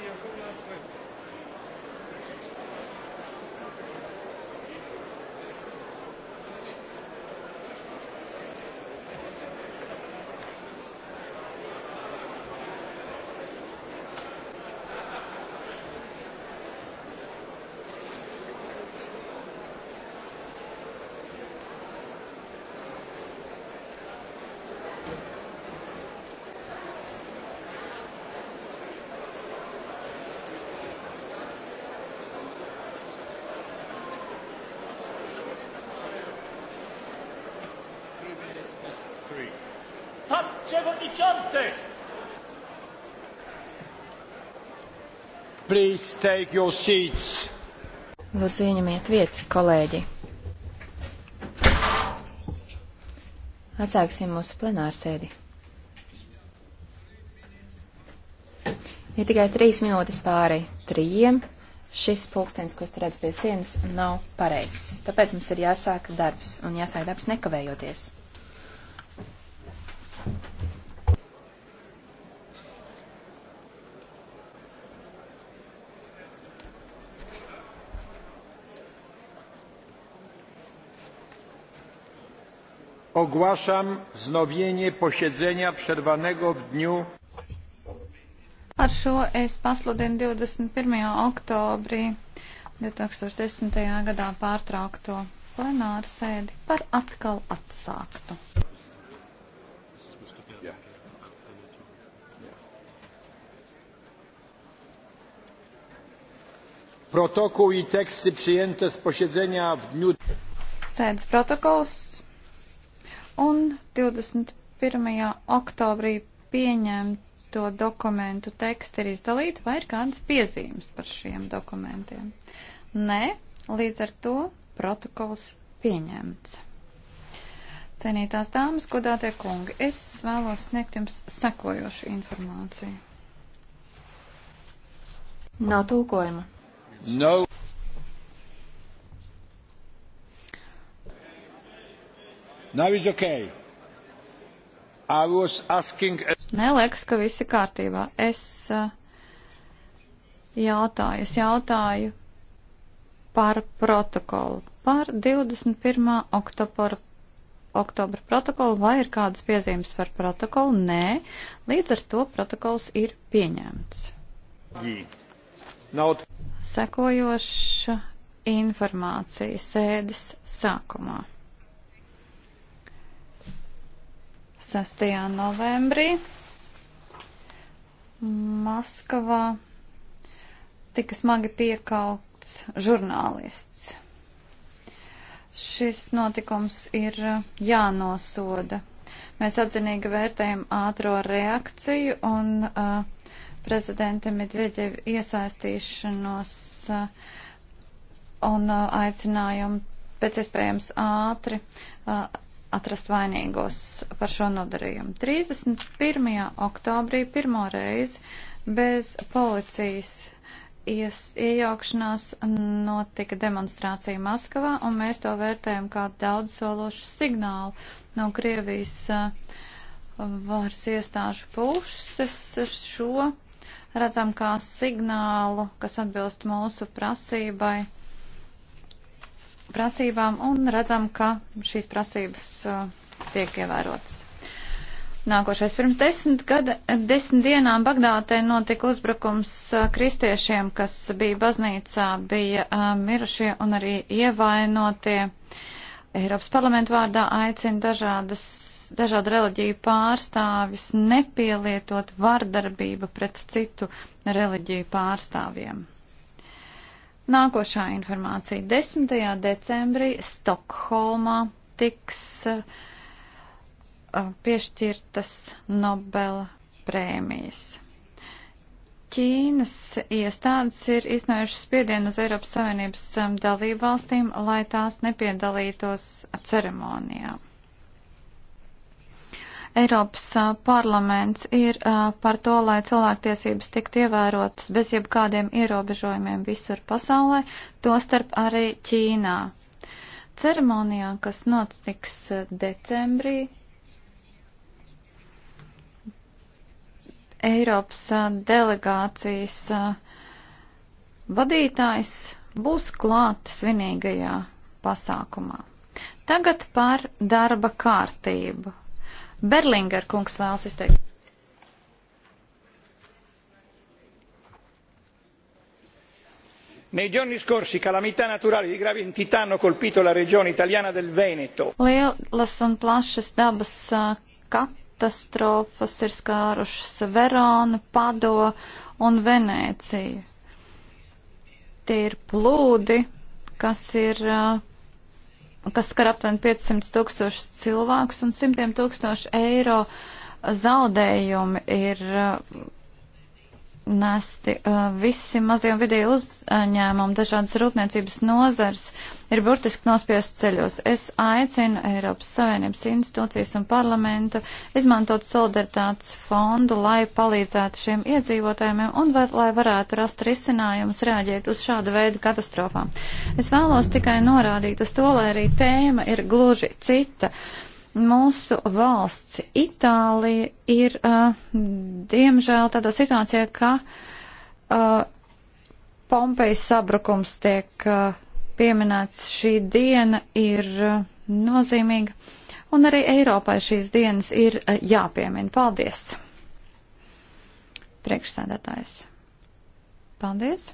qui est un peu moins frais. Pan Przewodniczący! Please take your seats. Lūdzu, ieņemiet vietas, kolēģi. Atsāksim mūsu plenārsēdi. Ir ja tikai trīs minūtes pāri trījiem. Šis pulkstenis, ko es redzu pie sienas, nav pareizs. Tāpēc mums ir jāsāk darbs un jāsāk darbs nekavējoties. Ogłaszam wznowienie posiedzenia przerwanego w dniu. Ar šo es pasludinu 21. oktobrī 2010. gadā pārtraukto plenāru sēdi par atkal atsāktu. Protokół i teksty przyjęte z posiedzenia w dniu. Sēdes protokols un 21. oktobrī pieņemto dokumentu teksti ir izdalīti, vai ir kādas piezīmes par šiem dokumentiem? Nē, līdz ar to protokols pieņemts. Cenītās dāmas, godātie kungi, es vēlos sniegt jums sekojošu informāciju. Nav tulkojuma. No. Now is okay. I was asking. Nē, liekas, ka visi kārtībā. Es uh, jautāju, es jautāju par protokolu, par 21. oktobra, oktobra protokolu, vai ir kādas piezīmes par protokolu? Nē, līdz ar to protokols ir pieņemts. Not... Sekojoša informācija sēdes sākumā. 6. novembrī Maskavā tika smagi piekauts žurnālists. Šis notikums ir jānosoda. Mēs atzinīgi vērtējam ātro reakciju un uh, prezidenta Medvedeva iesaistīšanos uh, un uh, aicinājumu pēc iespējams ātri uh, atrast vainīgos par šo nodarījumu. 31. oktobrī pirmo reizi bez policijas ies, iejaukšanās notika demonstrācija Maskavā, un mēs to vērtējam kā daudz sološu signālu no Krievijas uh, varas iestāžu puses šo redzam kā signālu, kas atbilst mūsu prasībai prasībām un redzam, ka šīs prasības uh, tiek ievērotas. Nākošais pirms desmit, gada, desmit dienām Bagdātē notika uzbrukums uh, kristiešiem, kas bija baznīcā, bija uh, mirušie un arī ievainotie. Eiropas parlamentu vārdā aicina dažādas, dažādu reliģiju pārstāvjus nepielietot vardarbību pret citu reliģiju pārstāvjiem. Nākošā informācija. 10. decembrī Stokholmā tiks uh, piešķirtas Nobela prēmijas. Ķīnas iestādes ir iznojušas spiedienu uz Eiropas Savienības um, dalību valstīm, lai tās nepiedalītos ceremonijām. Eiropas parlaments ir par to, lai cilvēktiesības tiktu ievērotas bez jebkādiem ierobežojumiem visur pasaulē, tostarp arī Ķīnā. Ceremonijā, kas notiks decembrī, Eiropas delegācijas vadītājs būs klāt svinīgajā pasākumā. Tagad par darba kārtību. Berlinger kungs vēlas izteikt. Nei giorni scorsi calamità naturali di grave entità hanno colpito la regione italiana del Veneto. Lielas un plašas dabas katastrofas ir skārušas Veronu, Pado un Venēciju. Tie ir plūdi, kas ir kas skar aptuveni 500 tūkstošus cilvēkus un simtiem tūkstošu eiro zaudējumi ir nesti uh, visi mazie un vidēji uzņēmumi, dažādas rūpniecības nozars ir burtiski nospiest ceļos. Es aicinu Eiropas Savienības institūcijas un parlamentu izmantot solidaritātes fondu, lai palīdzētu šiem iedzīvotājiem un var, lai varētu rast risinājumus rēģēt uz šādu veidu katastrofām. Es vēlos tikai norādīt uz to, lai arī tēma ir gluži cita. Uh, Mūsu valsts Itālija ir, uh, diemžēl, tādā situācijā, ka uh, eh, Pompejas sabrukums tiek uh, pieminēts. Šī diena ir uh, nozīmīga, un arī Eiropai šīs dienas ir uh, jāpiemina. Paldies! Priekšsēdētājs. Paldies!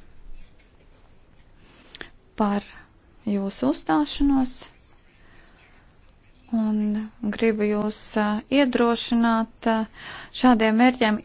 par jūsu uzstāšanos. Un gribu jūs iedrošināt šādiem mērķiem